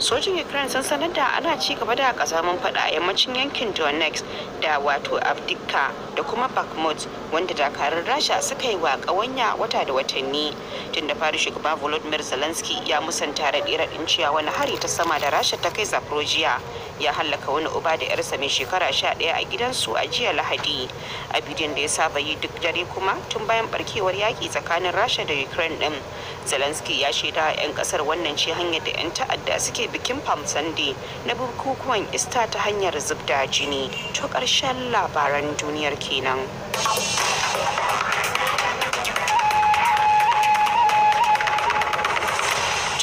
sojin ukraine sun sanar da ana ci gaba da kasamin fada a yammacin yankin donetsk da wato abdika da kuma bakhmut wanda dakarun rasha suka yi wa kawanya wata da watanni tun da fari shugaban volodymyr zelensky ya musanta raɗe-raɗin cewa wani hari ta sama da rasha ta kai zaporozhia ya hallaka wani uba da yarsa mai shekara sha ɗaya a gidansu a jiya lahadi a bidiyon da ya saba yi duk dare kuma tun bayan barkewar yaki tsakanin rasha da ukraine din zelensky ya shaida 'yan kasar wannan ce hanyar da 'yan ta'adda suke bikin palm sunday na bukukuwan ista ta hanyar zubda jini to ƙarshen labaran duniyar kenan.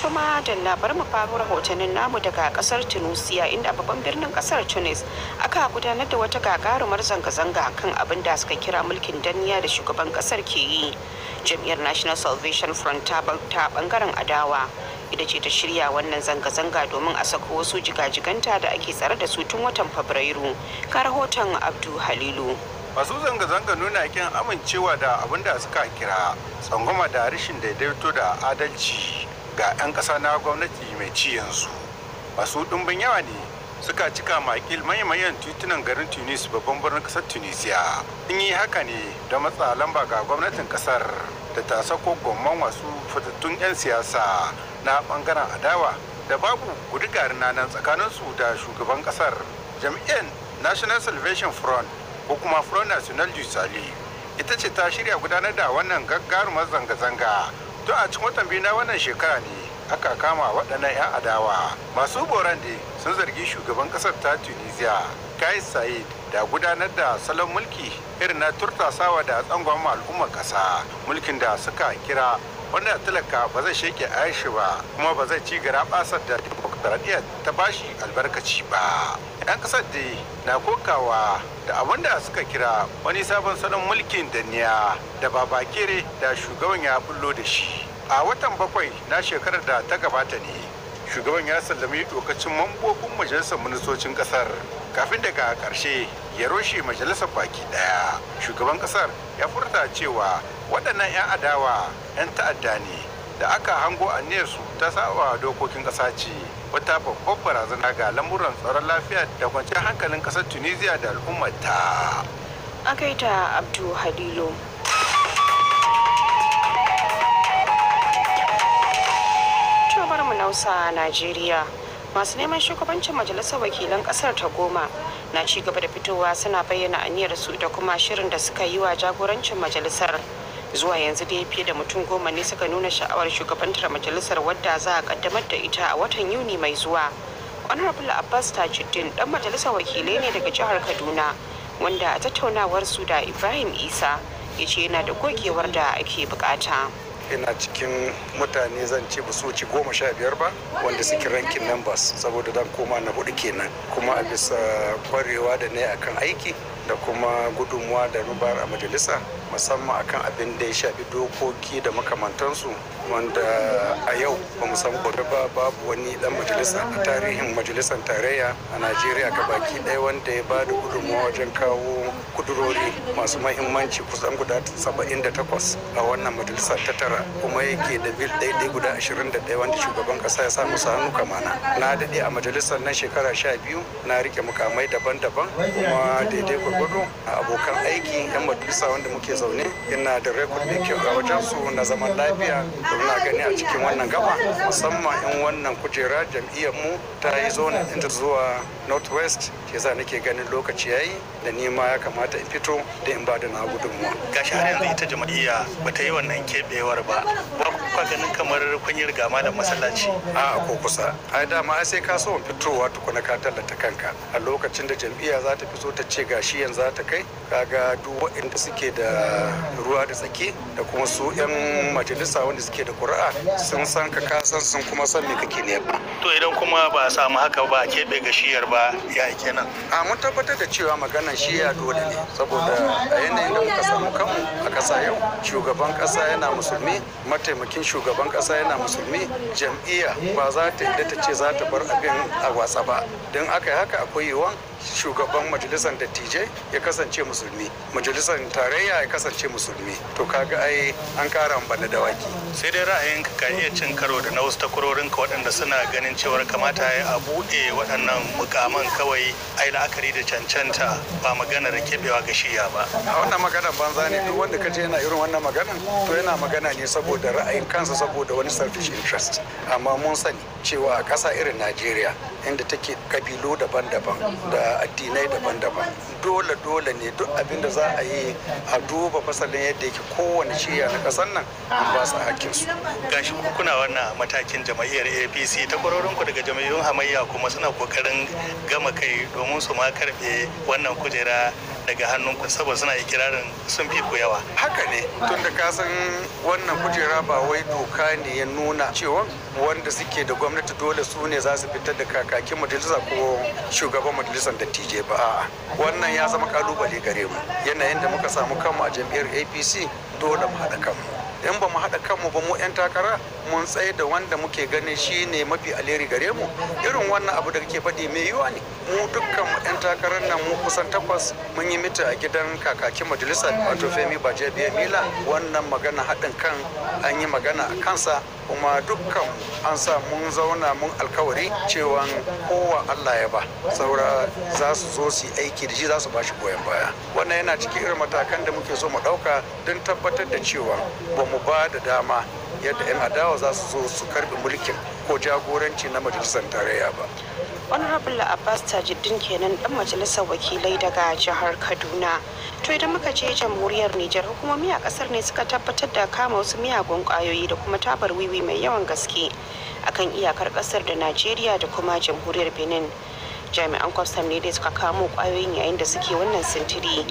kuma da labar mu faru rahotannin namu daga kasar tunisia inda babban birnin kasar tunis aka gudanar da wata gagarumar zanga-zanga kan abin da suka kira mulkin danniya da shugaban kasar ke yi jam'iyyar national salvation front ta bangaren adawa da ce ta shirya wannan zanga-zanga domin a sako wasu jigajiganta da ake tsare da su tun watan fabrairu ka rahoton abdu halilu masu zanga-zanga nuna kin amincewa da abin da suka kira tsangwama da rashin daidaito da adalci ga 'yan kasa na gwamnati mai ci yanzu masu ɗumbin yawa ne suka cika makil mayan titunan garin tunis babban birnin ƙasar tunisia in yi haka ne da matsa lamba ga gwamnatin ƙasar da ta sako gomman wasu fitattun 'yan siyasa na bangaren adawa da babu gudigar nan tsakaninsu da shugaban kasar jam'iyyar national salvation front ko kuma front national jisali ita ce ta shirya gudanar da wannan gagarumar zanga-zanga to a cikin watan biyu na wannan shekara ne aka kama waɗannan 'yan adawa masu boran da sun zargi shugaban ƙasar ta tunisia kai said da gudanar da salon mulki irin na turtasawa da tsangon al'ummar ƙasa mulkin da suka kira wanda talaka ba zai sheke aishi ba kuma ba zai ci gara basar da dimokuraɗiyya ta bashi albarkaci ba yan ƙasar da na kokawa da abin da suka kira wani sabon salon mulkin da niya da babakere da shugaban ya bullo da shi a watan bakwai na shekarar da ta gabata ne shugaban ya sallami dokacin mambobin majalisar ministocin kasar kafin daga karshe ya roshe majalisar baki daya shugaban kasar ya furta cewa waɗannan 'yan adawa 'yan ta'adda ne da aka hango a su ta saba dokokin ƙasa ce wata babbar barazana ga lamuran tsaron lafiya da kwanciyar hankalin ƙasar tunisia da al'ummata. akaita abdu halilu Hausa Najeriya. Masu neman shugabancin majalisar wakilan kasar ta goma na ci gaba da fitowa suna bayyana aniyar su da kuma shirin da suka yi wa jagorancin majalisar. Zuwa yanzu dai fiye da mutum goma ne suka nuna sha'awar shugabantar majalisar wadda za a kaddamar da ita a watan Yuni mai zuwa. Honorable Abbas Tajuddin dan majalisar wakilai ne daga jihar Kaduna wanda a tattaunawar su da Ibrahim Isa ya ce yana da gogewar da ake bukata. ina cikin mutane zan ce ba ci goma sha biyar ba wanda suke rankin numbers saboda zan koma na hudu kenan kuma a bisa kwarewa da ne akan aiki da kuma gudunmuwa da rubar a majalisa musamman akan abin da ya shafi dokoki da makamantansu wanda a yau ba mu san gobe ba babu wani dan majalisa a tarihin majalisar tarayya a najeriya baki ɗaya wanda ya ba da gudunmawa wajen kawo kudurori masu mahimmanci kusan guda 78 a wannan majalisa ta tara kuma yake da bil ɗaiɗai guda 21 wanda shugaban ƙasa ya sa musu hannu kamana na dade a majalisar nan shekara 12 na rike mukamai daban-daban kuma daidai gwargwado a abokan aiki 'yan majalisa wanda muke zaune ina da rekod mai kyau a wajen su na zaman lafiya muna gani a cikin wannan gaba musamman in wannan kujera jam'iyyar mu ta yi zuwa northwest ke sa nake ganin lokaci yayi da ni ya kamata in fito da in bada na gudunmuwa gashi har yanzu ita jam'iyya ta yi wannan kebewar ba ba ku ganin kamar kun yi rigama da masallaci a ko kusa ai dama ai sai ka so fitowa tukuna ka tallata kanka a lokacin da jam'iyya za ta fito ta ce gashi yanzu za ta kai kaga duk waɗanda suke da ruwa da tsaki da kuma su 'yan majalisa wanda suke da ƙuri'a sun san ka kasan sun kuma san me kake nema to idan kuma ba a samu haka ba a keɓe gashiyar ba ya kenan a mun tabbatar da cewa maganan shi ya dole ne saboda a yanayin da muka samu kanmu a ƙasa yau shugaban ƙasa yana musulmi mataimakin shugaban ƙasa yana musulmi jam'iyya ba za ta yadda ta ce za ta bar abin a watsa ba don aka yi haka akwai yiwuwan shugaban majalisar dattijai ya kasance musulmi majalisar tarayya ya kasance musulmi to kaga ai an kara bala dawaki sai dai ra'ayinka ka iya cin karo da na wasu takwarorinka waɗanda suna ganin cewar kamata ya a buɗe waɗannan mukaman kawai ai la'akari da cancanta ba magana da kebewa ga shiya ba a wannan maganar banza ne duk wanda kace yana irin wannan magana to yana magana ne saboda ra'ayin kansa saboda wani selfish interest amma mun sani cewa a kasa irin najeriya inda take kabilu daban-daban da addinai daban-daban dole dole ne duk abin da za a yi a duba fasalin yadda yake kowane shiya na ƙasar nan an ba su hakkin su gashi kuna wannan matakin jama'iyyar apc ta ku daga jami'un hamayya kuma suna kokarin gama kai don domin su ma wannan kujera daga hannunku saboda suna ikirarin sun fi ku yawa. Haka ne tun da kasan wannan kujera ba wai doka ne ya nuna cewa wanda suke da gwamnati dole su ne za su fitar da kakakin majalisa ko shugaban majalisar dattijai ba a'a wannan ya zama kalubale gare mu yanayin da muka samu kanmu a jam'iyyar APC dole mu haɗa kanmu. in ba mu haɗa kanmu ba mu 'yan takara mun tsaye da wanda muke ganin shi ne mafi alheri gare mu irin wannan abu da kake faɗi mai yiwa ne mu dukkan 'yan takarar nan mu kusan takwas mun yi mita a gidan kakakin majalisar wato femi biya mila wannan magana haɗin kan an yi magana a kansa kuma dukkan an sa mun zauna mun alkawari cewa kowa Allah ya ba saura za su zo su aiki da shi za su ba shi goyon baya wannan yana cikin irin matakan da muke so mu ɗauka don tabbatar da cewa ba mu ba da dama yadda 'yan adawa za su zo su karbi mulkin ko jagoranci na majalisar tarayya ba honorable abbas tajiddin kenan dan majalisar wakilai daga jihar kaduna to idan muka je jamhuriyar nijar hukumomi a kasar ne suka tabbatar da kama wasu miyagun kwayoyi da kuma tabar wiwi mai yawan gaske akan iyakar kasar da najeriya da kuma jamhuriyar benin jami'an kwastam ne dai suka kamo kwayoyin yayin da suke wannan sintiri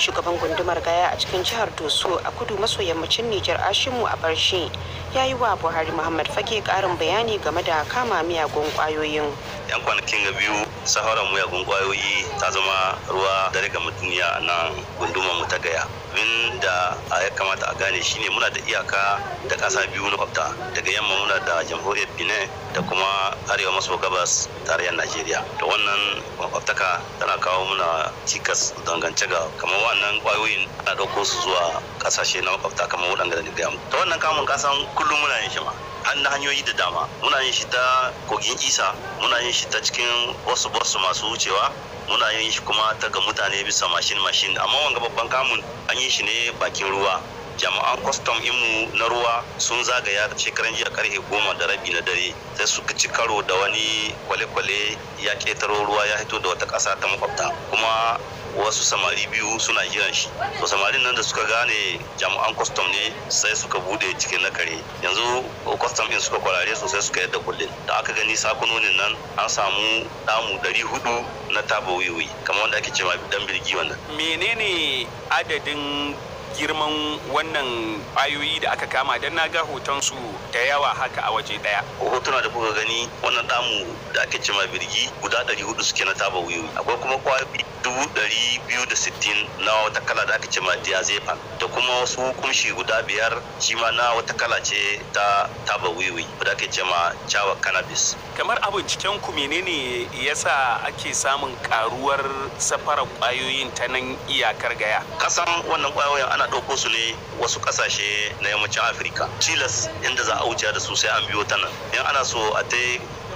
shugaban gundumar gaya a cikin jihar doso a kudu maso yammacin nijar ashimu a barshi ya yi wa buhari muhammad fage karin bayani game da kama miyagun kwayoyin yan kwanakin ga biyu saharar miyagun kwayoyi ta zama ruwa dare ga mutum nan gundumar mu ta gaya abin da ya kamata a gane shine muna da iyaka da kasa biyu na kwafta daga yamma muna da jamhuriyar bine da kuma arewa maso gabas tarayyar najeriya to wannan kwaftaka tana kawo muna cikas dangance ga kamar wannan kwayoyin ana ɗauko su zuwa kasashe na kwafta kamar waɗanda da nigeria ta wannan kamun kasan kullum muna yin shi ma an na hanyoyi da dama muna yin shi ta kogin isa muna yin shi ta cikin wasu wasu masu wucewa muna yin shi kuma ta ga mutane bisa mashin mashin amma wanga babban kamun an yi shi ne bakin ruwa jama'an kwastam imu na ruwa sun zagaya da shekaran jiya karfe goma da rabi na dare sai suka ci karo da wani kwale-kwale ya ketaro ruwa ya hito da wata ƙasa ta makwabta kuma wasu samari biyu suna jiran shi to samarin nan da suka gane jami'an kwastam ne sai suka bude cikin na kare yanzu kwastam din suka kwarare sosai suka yadda kullin da aka gani sakunonin nan an samu damu dari huɗu na taba wiwi kamar wanda ake cewa dan birgi wannan menene adadin girman wannan bayoyi da aka kama don na ga hotonsu da yawa haka a waje daya. hotuna da kuka gani wannan damu da ake cima birgi guda 400 suke na taba wuyoyi akwai kuma kwayoyi dubu ɗari biyu da sittin na wata kala da aka ce ma diazepam da kuma wasu kumshi guda biyar shi ma na wata kala ce ta taba wiwi da ake ce ma cawa cannabis kamar abin cikin ku menene yasa ake samun karuwar safarar kwayoyin ta nan iyakar gaya kasan wannan kwayoyin ana ɗauko su ne wasu ƙasashe na yammacin afirka tilas inda za a wuce da su sai an biyo ta nan in ana so a ta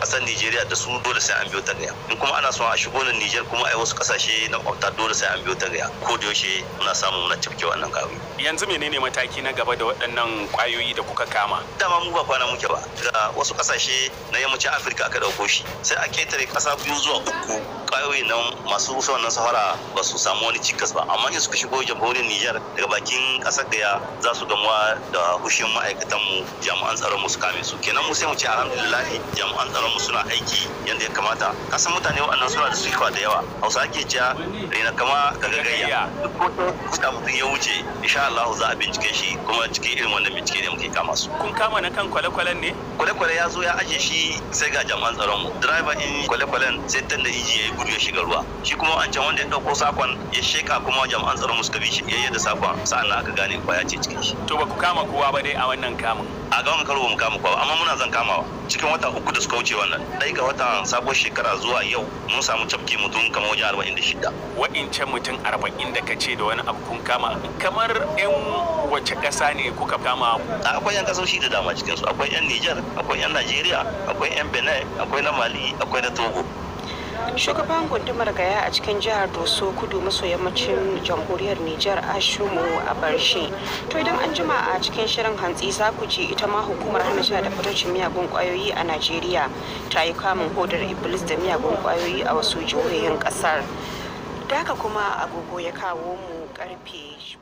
ƙasar Nijeriya da su dole sai an biyo ta gaya. In kuma ana so a shigo na niger kuma ai wasu ƙasashe na kwamta dole sai an biyo ta gaya. Ko da yaushe muna samun muna cafke wannan kawai Yanzu menene mataki na gaba da waɗannan ƙwayoyi da kuka kama? Dama mu ba kwana muke ba. Daga wasu ƙasashe na yammacin Afirka aka ɗauko shi. Sai a ketare ƙasa biyu zuwa uku ƙauye na masu rusa wannan sahara ba su samu wani cikas ba amma ne suka shigo jamhuriyar Nijar daga bakin ƙasar gaya za su gamuwa da hushin ma'aikatanmu jami'an tsaron mu su kame su kenan mu sai mu ce alhamdulillah jami'an tsaron mu suna aiki yadda ya kamata kasan mutane waɗannan suna da sifa da yawa hausa ake cewa rena kama ga gagayya duk mutum ya wuce insha Allah za a bincike shi kuma cikin irin wannan bincike ne muke kama su kun kama na kan kwale ne kwale-kwale ya zo ya aje shi sai ga jami'an tsaron mu driver in kwale sai tanda inji ya gudu ya shiga ruwa shi kuma wancan wanda ya dauko sakon ya sheka kuma jama'an tsaron musu bi shi yayye da sakon sa'an aka gane kwaya ce cikin shi to ba ku kama kowa ba dai a wannan kamun a ga wannan karo ba mu kama kowa amma muna zan kamawa cikin wata uku da suka wuce wannan dai ga wata sako shekara zuwa yau mun samu cafke mutum kamar wajen arba'in da shida wa'incan mutum arba'in da ka ce da wani abu kun kama kamar yan wace ƙasa ne kuka kama akwai yan ƙasashe da dama cikinsu akwai yan niger akwai yan najeriya akwai yan benin akwai na mali akwai na togo shugaban gundumar gaya a cikin jihar doso kudu maso yammacin jamhuriyar nijar ashumu a barshe to idan an jima a cikin shirin hantsi za ku ji ita ma hukumar hana sha da fitocin miyagun kwayoyi a najeriya ta yi kamun hodar iblis da miyagun kwayoyi a wasu jihohin kasar da haka kuma agogo ya kawo mu karfe